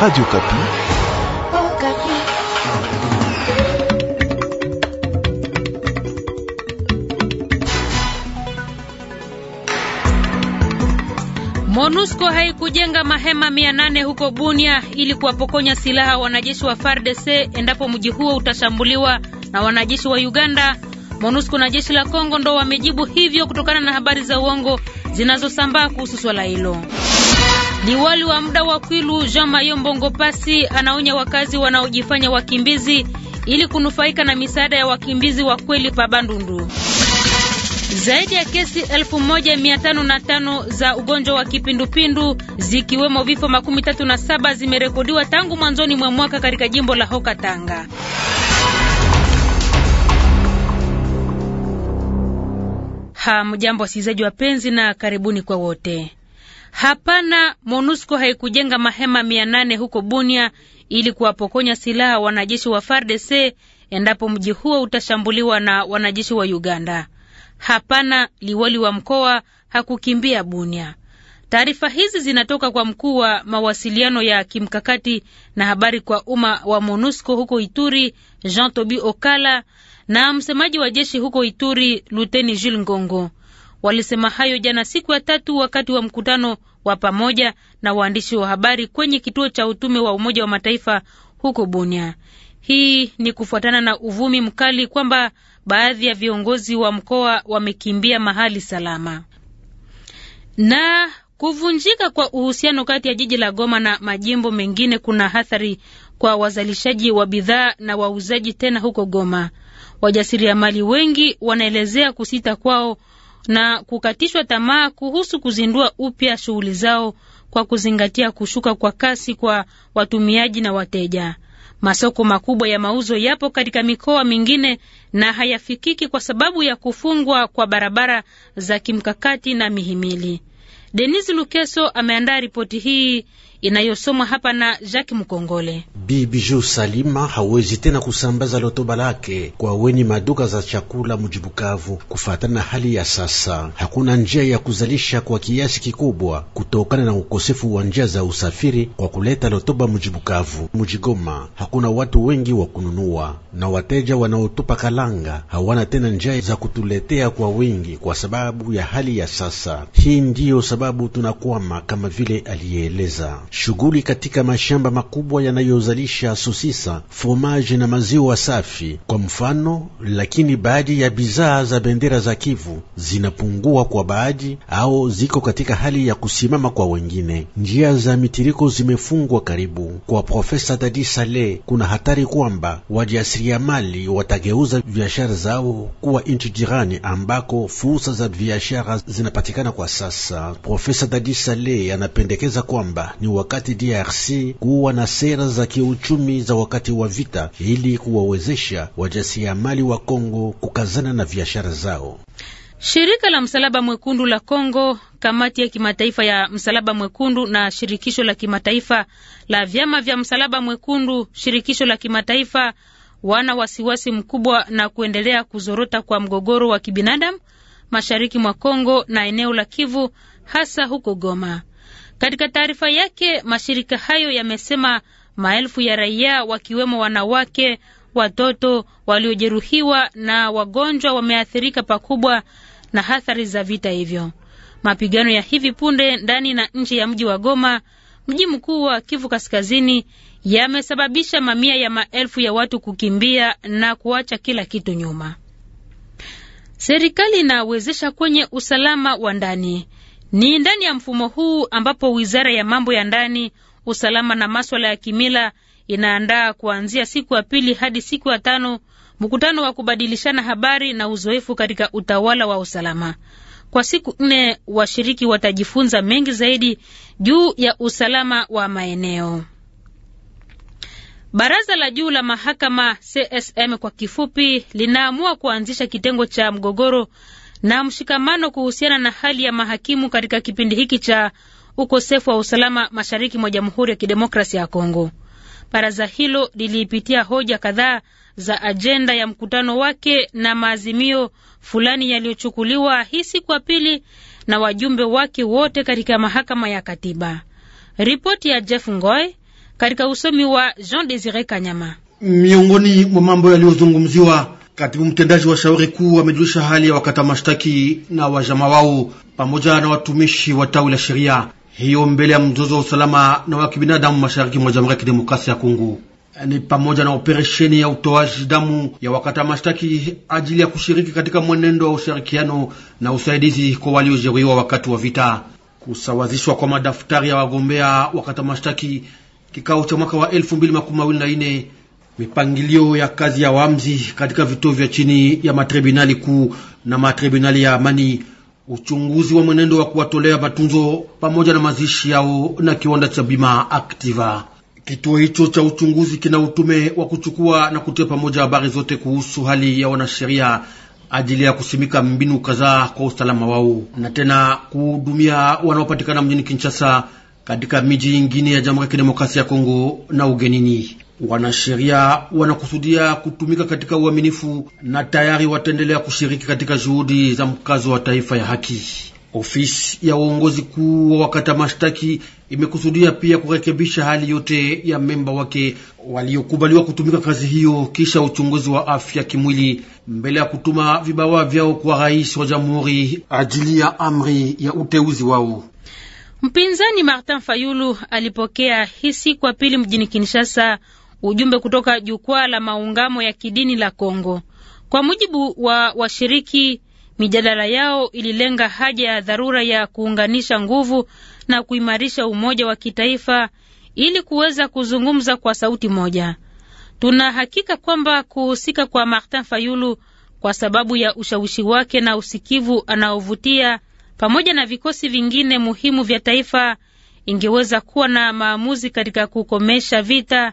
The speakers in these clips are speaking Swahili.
Radio Kapi. Oh, Kapi. MONUSCO haikujenga mahema 800 huko Bunia ili kuwapokonya silaha wanajeshi wa FARDC endapo mji huo utashambuliwa na wanajeshi wa Uganda. MONUSCO na jeshi la Kongo ndo wamejibu hivyo kutokana na habari za uongo zinazosambaa kuhusu swala hilo. Diwali wa muda wa Kwilu Jean Mayo Mbongo Pasi anaonya wakazi wanaojifanya wakimbizi ili kunufaika na misaada ya wakimbizi wa kweli pa Bandundu. Zaidi ya kesi 1505 za ugonjwa wa kipindupindu zikiwemo vifo 37 zimerekodiwa tangu mwanzoni mwa mwaka katika jimbo la Hoka Tanga. Hamjambo wasikilizaji wapenzi, na karibuni kwa wote. Hapana, MONUSCO haikujenga mahema mia nane huko Bunia ili kuwapokonya silaha wanajeshi wa FARDC endapo mji huo utashambuliwa na wanajeshi wa Uganda. Hapana, liwali wa mkoa hakukimbia Bunia. Taarifa hizi zinatoka kwa mkuu wa mawasiliano ya kimkakati na habari kwa umma wa MONUSCO huko Ituri, Jean Tobi Okala, na msemaji wa jeshi huko Ituri, Luteni Jules Ngongo. Walisema hayo jana siku ya tatu wakati wa mkutano wa pamoja na waandishi wa habari kwenye kituo cha utume wa Umoja wa Mataifa huko Bunia. Hii ni kufuatana na uvumi mkali kwamba baadhi ya viongozi wa mkoa wamekimbia mahali salama. Na kuvunjika kwa uhusiano kati ya jiji la Goma na majimbo mengine kuna athari kwa wazalishaji wa bidhaa na wauzaji tena huko Goma. Wajasiriamali wengi wanaelezea kusita kwao na kukatishwa tamaa kuhusu kuzindua upya shughuli zao kwa kuzingatia kushuka kwa kasi kwa watumiaji na wateja. Masoko makubwa ya mauzo yapo katika mikoa mingine na hayafikiki kwa sababu ya kufungwa kwa barabara za kimkakati na mihimili. Denis Lukeso ameandaa ripoti hii inayosomwa hapa na Jacques Mkongole. Bibiju Salima hawezi tena kusambaza lotoba lake kwa wenye maduka za chakula mujibukavu kufatana na hali ya sasa. Hakuna njia ya kuzalisha kwa kiasi kikubwa kutokana na ukosefu wa njia za usafiri kwa kuleta lotoba mujibukavu. Mujigoma hakuna watu wengi wa kununua, na wateja wanaotupa kalanga hawana tena njia za kutuletea kwa wingi kwa sababu ya hali ya sasa. Hii ndiyo sababu tunakwama, kama vile alieleza Shughuli katika mashamba makubwa yanayozalisha sosisa, fomaji na maziwa safi kwa mfano, lakini baadhi ya bidhaa za bendera za Kivu zinapungua kwa baadhi au ziko katika hali ya kusimama kwa wengine. Njia za mitiriko zimefungwa karibu. Kwa Profesa Dadi Sale, kuna hatari kwamba wajasiriamali watageuza biashara zao kuwa nchi jirani ambako fursa za biashara zinapatikana kwa sasa. Profesa Dadi Sale anapendekeza kwamba ni wakati DRC kuwa na sera za kiuchumi za wakati wa vita ili kuwawezesha wajasiriamali wa Kongo kukazana na biashara zao. Shirika la Msalaba Mwekundu la Kongo, kamati ya kimataifa ya Msalaba Mwekundu na shirikisho la kimataifa la vyama vya Msalaba Mwekundu, shirikisho la kimataifa, wana wasiwasi mkubwa na kuendelea kuzorota kwa mgogoro wa kibinadamu mashariki mwa Kongo na eneo la Kivu, hasa huko Goma. Katika taarifa yake, mashirika hayo yamesema maelfu ya raia wakiwemo wanawake, watoto waliojeruhiwa na wagonjwa wameathirika pakubwa na athari za vita hivyo. Mapigano ya hivi punde ndani na nje ya mji wa Goma, mji mkuu wa Kivu Kaskazini, yamesababisha mamia ya maelfu ya watu kukimbia na kuacha kila kitu nyuma. Serikali inawezesha kwenye usalama wa ndani. Ni ndani ya mfumo huu ambapo wizara ya mambo ya ndani, usalama na maswala ya kimila inaandaa kuanzia siku ya pili hadi siku ya tano mkutano wa kubadilishana habari na uzoefu katika utawala wa usalama. Kwa siku nne, washiriki watajifunza mengi zaidi juu ya usalama wa maeneo. Baraza la juu la mahakama CSM kwa kifupi, linaamua kuanzisha kitengo cha mgogoro na mshikamano kuhusiana na hali ya mahakimu katika kipindi hiki cha ukosefu wa usalama mashariki mwa Jamhuri ya Kidemokrasia ya Kongo. Baraza hilo liliipitia hoja kadhaa za ajenda ya mkutano wake na maazimio fulani yaliyochukuliwa hii siku ya pili na wajumbe wake wote katika mahakama ya katiba. Ripoti ya Jeff Ngoy katika usomi wa Jean Desire Kanyama. Miongoni mwa mambo yaliyozungumziwa Katibu mtendaji wa shauri kuu amejulisha hali ya wakata mashtaki na wajama wao pamoja na watumishi wa tawi la sheria hiyo mbele ya mzozo wa usalama na wa kibinadamu mashariki mwa Jamhuri ya Kidemokrasia ya Kongo ni pamoja na operesheni ya utoaji damu ya wakata mashtaki ajili ya kushiriki katika mwenendo wa ushirikiano na usaidizi kwa waliojeruhiwa wakati wa vita, kusawazishwa kwa madaftari ya wagombea wakata mashtaki, kikao cha mwaka wa 2024 Mipangilio ya kazi ya wamzi katika vituo vya chini ya matribunali kuu na matribunali ya amani, uchunguzi wa mwenendo wa kuwatolea matunzo pamoja na mazishi yao na kiwanda cha bima Activa. Kituo hicho cha uchunguzi kina utume wa kuchukua na kutia pamoja habari zote kuhusu hali ya wanasheria ajili ya kusimika mbinu kadhaa kwa usalama wao na tena kuhudumia wanaopatikana mjini Kinshasa, katika miji ingine ya Jamhuri ya Kidemokrasia ya Kongo na ugenini. Wanasheria wanakusudia kutumika katika uaminifu na tayari wataendelea kushiriki katika juhudi za mkazo wa taifa ya haki. Ofisi ya uongozi kuu wa wakata mashtaki imekusudia pia kurekebisha hali yote ya memba wake waliokubaliwa kutumika kazi hiyo kisha uchunguzi wa afya kimwili mbele ya kutuma vibawa vyao kwa rais wa jamhuri ajili ya amri ya uteuzi wao. Mpinzani Martin Fayulu alipokea hisi kwa pili mjini Kinshasa Ujumbe kutoka jukwaa la maungamo ya kidini la Kongo. Kwa mujibu wa washiriki, mijadala yao ililenga haja ya dharura ya kuunganisha nguvu na kuimarisha umoja wa kitaifa ili kuweza kuzungumza kwa sauti moja. Tuna hakika kwamba kuhusika kwa Martin Fayulu kwa sababu ya ushawishi wake na usikivu anaovutia pamoja na vikosi vingine muhimu vya taifa ingeweza kuwa na maamuzi katika kukomesha vita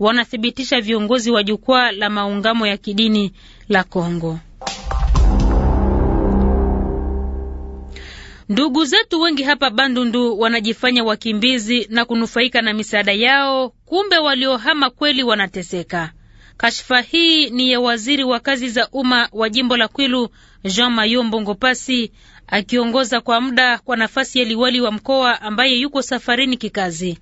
wanathibitisha viongozi wa jukwaa la maungamo ya kidini la Kongo. Ndugu zetu wengi hapa Bandundu wanajifanya wakimbizi na kunufaika na misaada yao, kumbe waliohama kweli wanateseka. Kashfa hii ni ya waziri wa kazi za umma wa jimbo la Kwilu, Jean Mayo mbongopasi akiongoza kwa muda kwa nafasi ya liwali wa mkoa ambaye yuko safarini kikazi.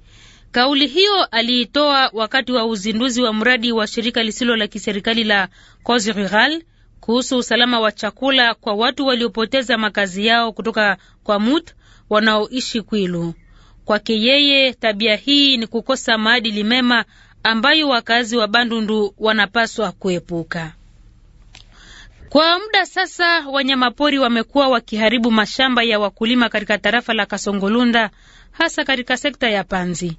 Kauli hiyo aliitoa wakati wa uzinduzi wa mradi wa shirika lisilo la kiserikali la Cause Rural kuhusu usalama wa chakula kwa watu waliopoteza makazi yao kutoka kwa mut wanaoishi Kwilu. Kwake yeye, tabia hii ni kukosa maadili mema ambayo wakazi wa Bandundu wanapaswa kuepuka. Kwa muda sasa, wanyamapori wamekuwa wakiharibu mashamba ya wakulima katika tarafa la Kasongolunda, hasa katika sekta ya Panzi.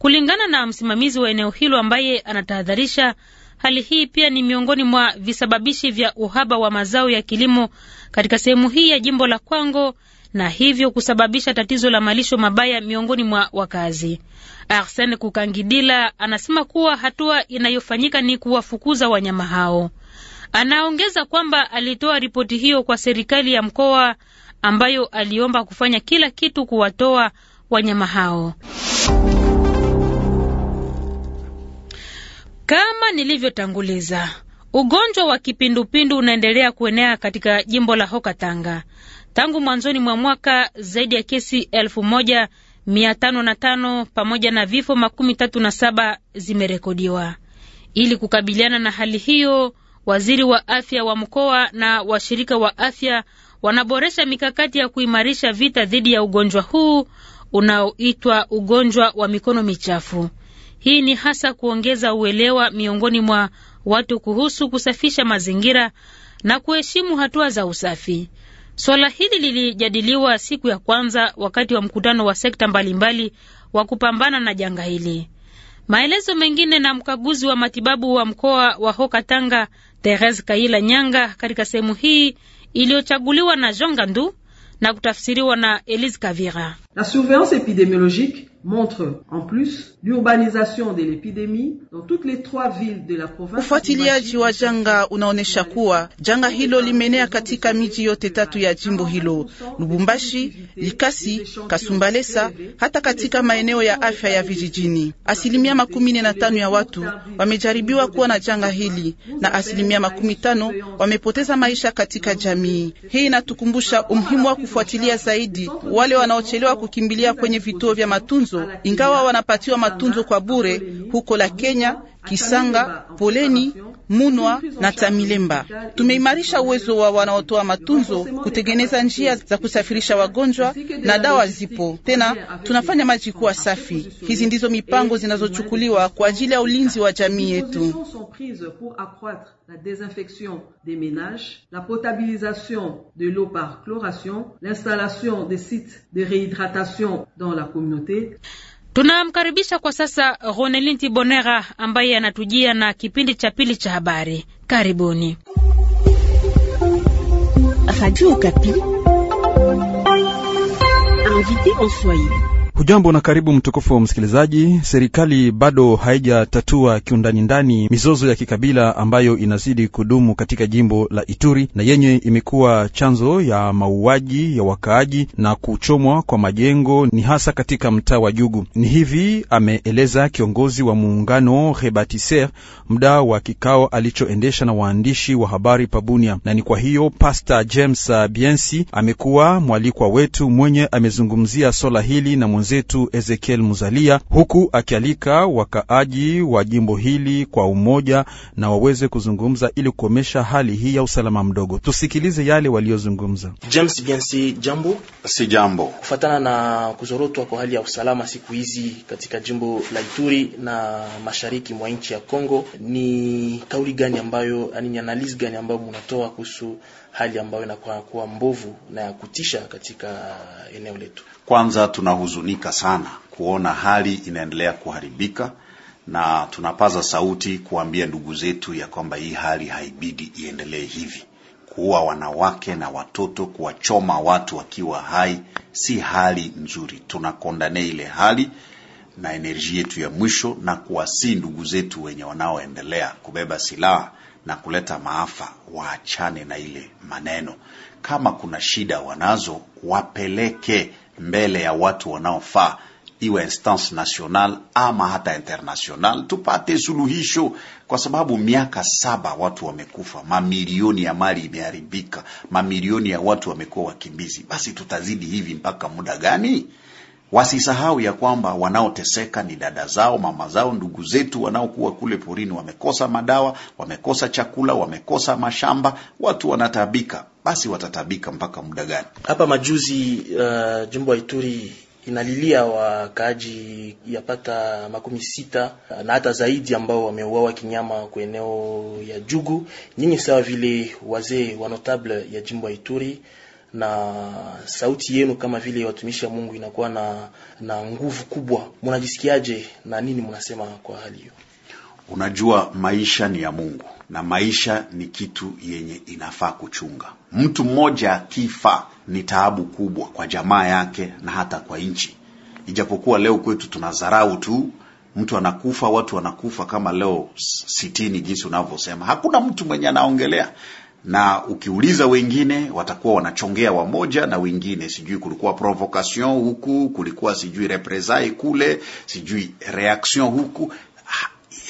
Kulingana na msimamizi wa eneo hilo ambaye anatahadharisha, hali hii pia ni miongoni mwa visababishi vya uhaba wa mazao ya kilimo katika sehemu hii ya jimbo la Kwango na hivyo kusababisha tatizo la malisho mabaya miongoni mwa wakazi. Arsene Kukangidila anasema kuwa hatua inayofanyika ni kuwafukuza wanyama hao. Anaongeza kwamba alitoa ripoti hiyo kwa serikali ya mkoa ambayo aliomba kufanya kila kitu kuwatoa wanyama hao. Kama nilivyotanguliza, ugonjwa wa kipindupindu unaendelea kuenea katika jimbo la Hoka Tanga. Tangu mwanzoni mwa mwaka zaidi ya kesi elfu moja mia tano na tano pamoja na vifo makumi tatu na saba zimerekodiwa. Ili kukabiliana na hali hiyo, waziri wa afya wa mkoa na washirika wa afya wanaboresha mikakati ya kuimarisha vita dhidi ya ugonjwa huu unaoitwa ugonjwa wa mikono michafu. Hii ni hasa kuongeza uelewa miongoni mwa watu kuhusu kusafisha mazingira na kuheshimu hatua za usafi. Swala hili lilijadiliwa siku ya kwanza wakati wa mkutano wa sekta mbalimbali wa kupambana na janga hili. Maelezo mengine na mkaguzi wa matibabu wa mkoa wa Hoka Tanga Therese Kaila Nyanga katika sehemu hii iliyochaguliwa na Jean Gandu na kutafsiriwa na Elise Kavira. La surveillance epidemiologique montre en plus l'urbanisation de l'épidémie dans toutes les trois villes de la province. Ufuatiliaji wa janga unaonyesha kuwa janga hilo limenea katika miji yote tatu ya jimbo hilo, Lubumbashi, Likasi, Kasumbalesa, hata katika maeneo ya afya ya vijijini. Asilimia makumi nne na tano ya watu wamejaribiwa kuwa na janga hili na asilimia makumi tano wamepoteza maisha katika jamii. Hii inatukumbusha umuhimu wa kufuatilia zaidi wale wanaochelewa kukimbilia kwenye vituo vya matunzo matunzo, ingawa wanapatiwa matunzo kwa bure huko la Kenya, Kisanga, Poleni, Munwa na Tamilemba. Tumeimarisha uwezo wa wanaotoa matunzo kutengeneza njia za kusafirisha wagonjwa na dawa zipo tena, tunafanya maji kuwa safi. Hizi ndizo mipango zinazochukuliwa kwa ajili ya ulinzi wa jamii yetu. La désinfection des ménages, la potabilisation de l'eau par chloration, l'installation des sites de réhydratation dans la communauté. Tunamkaribisha kwa sasa Ronelinti Bonera ambaye anatujia na kipindi cha pili cha habari. Karibuni Radio Kapi. Hujambo na karibu mtukufu wa msikilizaji. Serikali bado haijatatua kiundanindani mizozo ya kikabila ambayo inazidi kudumu katika jimbo la Ituri na yenye imekuwa chanzo ya mauaji ya wakaaji na kuchomwa kwa majengo, ni hasa katika mtaa wa Jugu. Ni hivi ameeleza kiongozi wa muungano Rebatiser mda wa kikao alichoendesha na waandishi wa habari Pabunia, na ni kwa hiyo Pastor James Biensi amekuwa mwalikwa wetu mwenye amezungumzia swala hili na mwenzi mwenzetu Ezekiel Muzalia, huku akialika wakaaji wa jimbo hili kwa umoja na waweze kuzungumza ili kukomesha hali hii ya usalama mdogo. Tusikilize yale waliozungumza. James jambo. Si jambo. Kufatana na kuzorotwa kwa hali ya usalama siku hizi katika jimbo la Ituri na mashariki mwa nchi ya Kongo, ni kauli gani ambayo, ni analisi gani ambayo mnatoa kuhusu hali ambayo inakuwa kuwa mbovu na ya kutisha katika eneo letu. Kwanza tunahuzunika sana kuona hali inaendelea kuharibika, na tunapaza sauti kuambia ndugu zetu ya kwamba hii hali haibidi iendelee hivi. Kuua wanawake na watoto, kuwachoma watu wakiwa hai, si hali nzuri. Tunakondane ile hali na enerji yetu ya mwisho, na kuwasii ndugu zetu wenye wanaoendelea kubeba silaha na kuleta maafa, waachane na ile maneno. Kama kuna shida wanazo, wapeleke mbele ya watu wanaofaa, iwe instance national ama hata international, tupate suluhisho, kwa sababu miaka saba watu wamekufa, mamilioni ya mali imeharibika, mamilioni ya watu wamekuwa wakimbizi. Basi tutazidi hivi mpaka muda gani? Wasisahau ya kwamba wanaoteseka ni dada zao, mama zao, ndugu zetu wanaokuwa kule porini. Wamekosa madawa, wamekosa chakula, wamekosa mashamba, watu wanatabika Basi watatabika mpaka muda gani? Hapa majuzi, uh, jimbo ya Ituri inalilia wakaaji yapata makumi sita uh, na hata zaidi ambao wameuawa kinyama kwa eneo ya Jugu. Nyinyi sawa vile wazee wa notable ya jimbo ya Ituri na sauti yenu kama vile watumishi wa Mungu inakuwa na, na nguvu kubwa. Mnajisikiaje na nini mnasema kwa hali hiyo? Unajua, maisha ni ya Mungu na maisha ni kitu yenye inafaa kuchunga. Mtu mmoja akifa ni taabu kubwa kwa jamaa yake na hata kwa nchi, ijapokuwa leo kwetu tunadharau tu mtu anakufa, watu wanakufa kama leo sitini, jinsi unavyosema, hakuna mtu mwenye anaongelea, na ukiuliza wengine watakuwa wanachongea wamoja na wengine, sijui kulikuwa provocation huku, kulikuwa sijui represai kule, sijui reaction huku.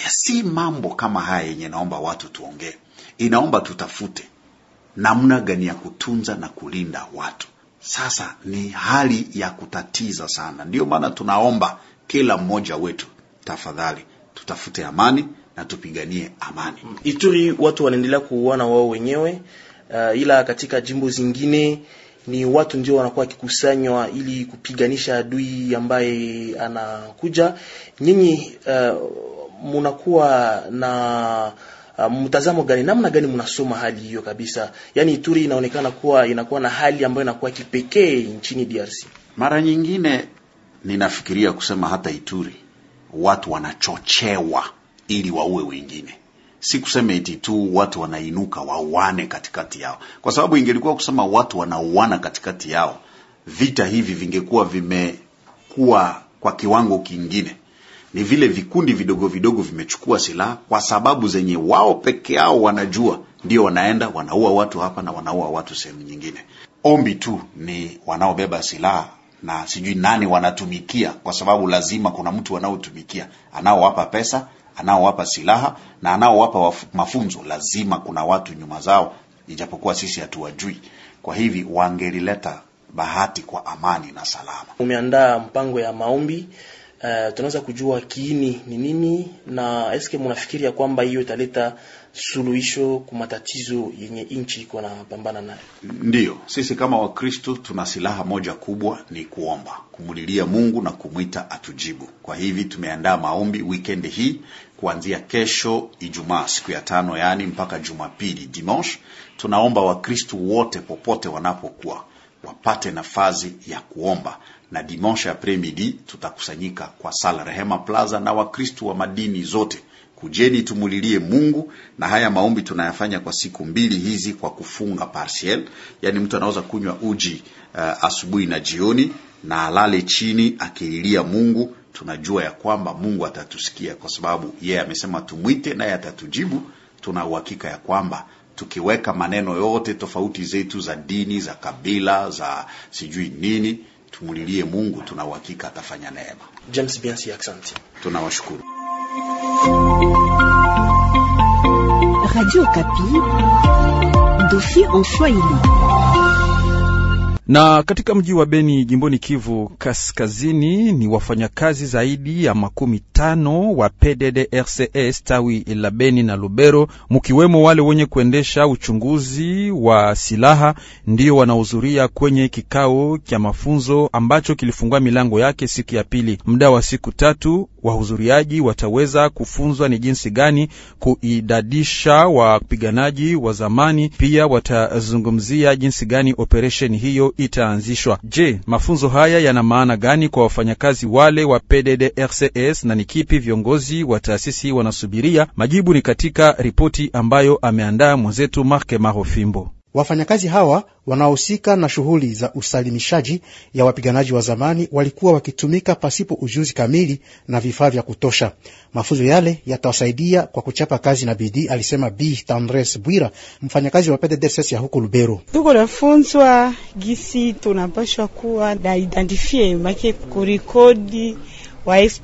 Si mambo kama haya yenye naomba watu tuongee, inaomba tutafute namna gani ya kutunza na kulinda watu. Sasa ni hali ya kutatiza sana, ndiyo maana tunaomba kila mmoja wetu, tafadhali tutafute amani na tupiganie amani. Mm. Ituri watu wanaendelea kuuana wao wenyewe, uh, ila katika jimbo zingine ni watu ndio wanakuwa wakikusanywa ili kupiganisha adui ambaye anakuja. Nyinyi uh, munakuwa na uh, mtazamo gani, namna gani mnasoma hali hiyo kabisa? Yaani Ituri inaonekana kuwa inakuwa na hali ambayo inakuwa kipekee nchini DRC. Mara nyingine ninafikiria kusema hata Ituri watu wanachochewa ili waue wengine. Si kuseme eti tu watu wanainuka wauane katikati yao, kwa sababu ingelikuwa kusema watu wanauana katikati yao, vita hivi vingekuwa vimekuwa kwa kiwango kingine. Ni vile vikundi vidogo vidogo vimechukua silaha kwa sababu zenye wao peke yao wanajua, ndio wanaenda wanaua watu hapa na wanaua watu sehemu nyingine. Ombi tu ni wanaobeba silaha na sijui nani wanatumikia, kwa sababu lazima kuna mtu wanaotumikia anaowapa pesa anaowapa silaha na anaowapa mafunzo, lazima kuna watu nyuma zao, ijapokuwa sisi hatuwajui. Kwa hivi wangelileta bahati kwa amani na salama. Umeandaa mpango ya maombi uh, tunaweza kujua kiini ni nini, na eske mnafikiri ya kwamba hiyo italeta suluhisho kwa matatizo yenye nchi iko napambana nayo? Ndiyo, sisi kama Wakristo tuna silaha moja kubwa, ni kuomba, kumulilia Mungu na kumwita atujibu. Kwa hivi tumeandaa maombi weekend hii kuanzia kesho Ijumaa, siku ya tano, yaani mpaka Jumapili, dimanche. Tunaomba Wakristu wote popote wanapokuwa wapate nafasi ya kuomba, na dimanche midi tutakusanyika kwa sala Rehema Plaza, na Wakristu wa madini zote kujeni, tumulilie Mungu. Na haya maombi tunayafanya kwa siku mbili hizi kwa kufunga partiel, yaani mtu anaweza kunywa uji uh, asubuhi na jioni, na alale chini akililia Mungu tunajua ya kwamba Mungu atatusikia kwa sababu yeye yeah, amesema tumwite naye atatujibu. Tuna uhakika ya kwamba tukiweka maneno yote tofauti zetu za dini, za kabila, za sijui nini, tumulilie Mungu, tuna uhakika atafanya neema. James Biansi, tunawashukuru. Radio Kapi, dossier en Swahili. Na katika mji wa Beni jimboni Kivu Kaskazini ni wafanyakazi zaidi ya makumi tano wa PDDRCS tawi la Beni na Lubero, mkiwemo wale wenye kuendesha uchunguzi wa silaha, ndio wanahudhuria kwenye kikao cha mafunzo ambacho kilifungua milango yake siku ya pili, muda wa siku tatu wahudhuriaji wataweza kufunzwa ni jinsi gani kuidadisha wapiganaji wa zamani. Pia watazungumzia jinsi gani operesheni hiyo itaanzishwa. Je, mafunzo haya yana maana gani kwa wafanyakazi wale wa PDDRCS na ni kipi viongozi wa taasisi wanasubiria? Majibu ni katika ripoti ambayo ameandaa mwenzetu Marke Marofimbo. Wafanyakazi hawa wanaohusika na shughuli za usalimishaji ya wapiganaji wa zamani walikuwa wakitumika pasipo ujuzi kamili na vifaa vya kutosha. Mafunzo yale yatawasaidia kwa kuchapa kazi na bidii, alisema B Tandres Bwira, mfanyakazi wa PDDSS ya huku Lubero. Tuko nafunzwa gisi tunapashwa kuwa na identifie make kurikodi wa ex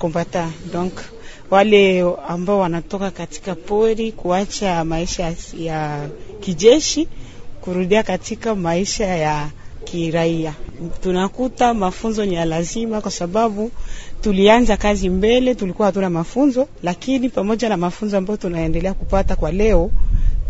donc wale ambao wanatoka katika pori kuacha maisha ya kijeshi kurudia katika maisha ya kiraia. Tunakuta mafunzo ni ya lazima, kwa sababu tulianza kazi mbele, tulikuwa hatuna mafunzo, lakini pamoja na mafunzo ambayo tunaendelea kupata kwa leo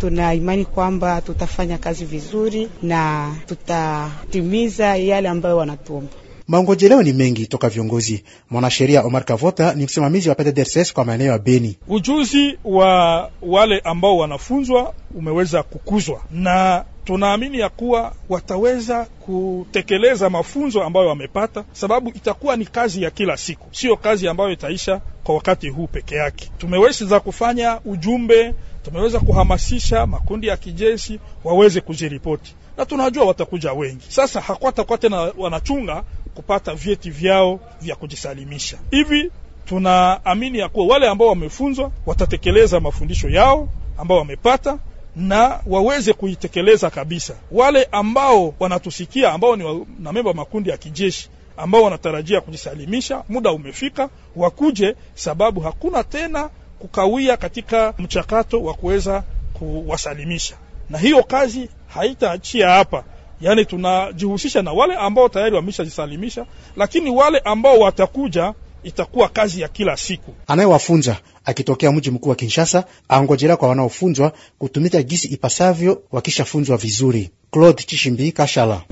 tuna imani kwamba tutafanya kazi vizuri na tutatimiza yale ambayo wanatuomba. Maongojeleo ni mengi toka viongozi. Mwanasheria Omar Kavota ni msimamizi wa PDDRCS kwa maeneo ya Beni. Ujuzi wa wale ambao wanafunzwa umeweza kukuzwa na tunaamini ya kuwa wataweza kutekeleza mafunzo ambayo wamepata, sababu itakuwa ni kazi ya kila siku, sio kazi ambayo itaisha kwa wakati huu peke yake. Tumeweza kufanya ujumbe, tumeweza kuhamasisha makundi ya kijeshi waweze kujiripoti, na tunajua watakuja wengi. Sasa hakwatakuwa tena wanachunga kupata vyeti vyao vya kujisalimisha. Hivi tunaamini ya kuwa wale ambao wamefunzwa watatekeleza mafundisho yao ambao wamepata na waweze kuitekeleza kabisa. Wale ambao wanatusikia ambao ni wanamemba makundi ya kijeshi ambao wanatarajia kujisalimisha, muda umefika wakuje, sababu hakuna tena kukawia katika mchakato wa kuweza kuwasalimisha, na hiyo kazi haitaachia hapa yaani tunajihusisha na wale ambao tayari wameshajisalimisha, lakini wale ambao watakuja itakuwa kazi ya kila siku. Anayewafunza akitokea mji mkuu wa Kinshasa angojelea kwa wanaofunzwa kutumika gisi ipasavyo, wakishafunzwa vizuri. Claude Chishimbi Kashala.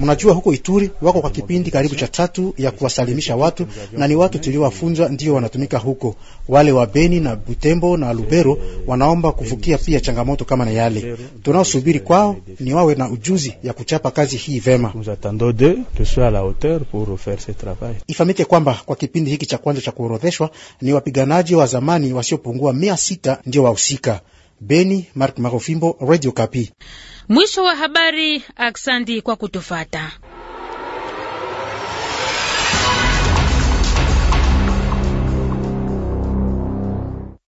Mnajua huko Ituri wako kwa kipindi karibu cha tatu ya kuwasalimisha watu, na ni watu tuliowafunza ndio wanatumika huko. Wale wa Beni na Butembo na Lubero wanaomba kuvukia pia changamoto kama na yale tunaosubiri kwao, ni wawe na ujuzi ya kuchapa kazi hii vema. Ifahamike kwamba kwa kipindi hiki cha kwanza cha kuorodheshwa ni wapiganaji wa zamani wasiopungua mia sita ndio wahusika. Beni, Mark Marofimbo, Radio Kapi. Mwisho wa habari. Aksandi kwa kutufata.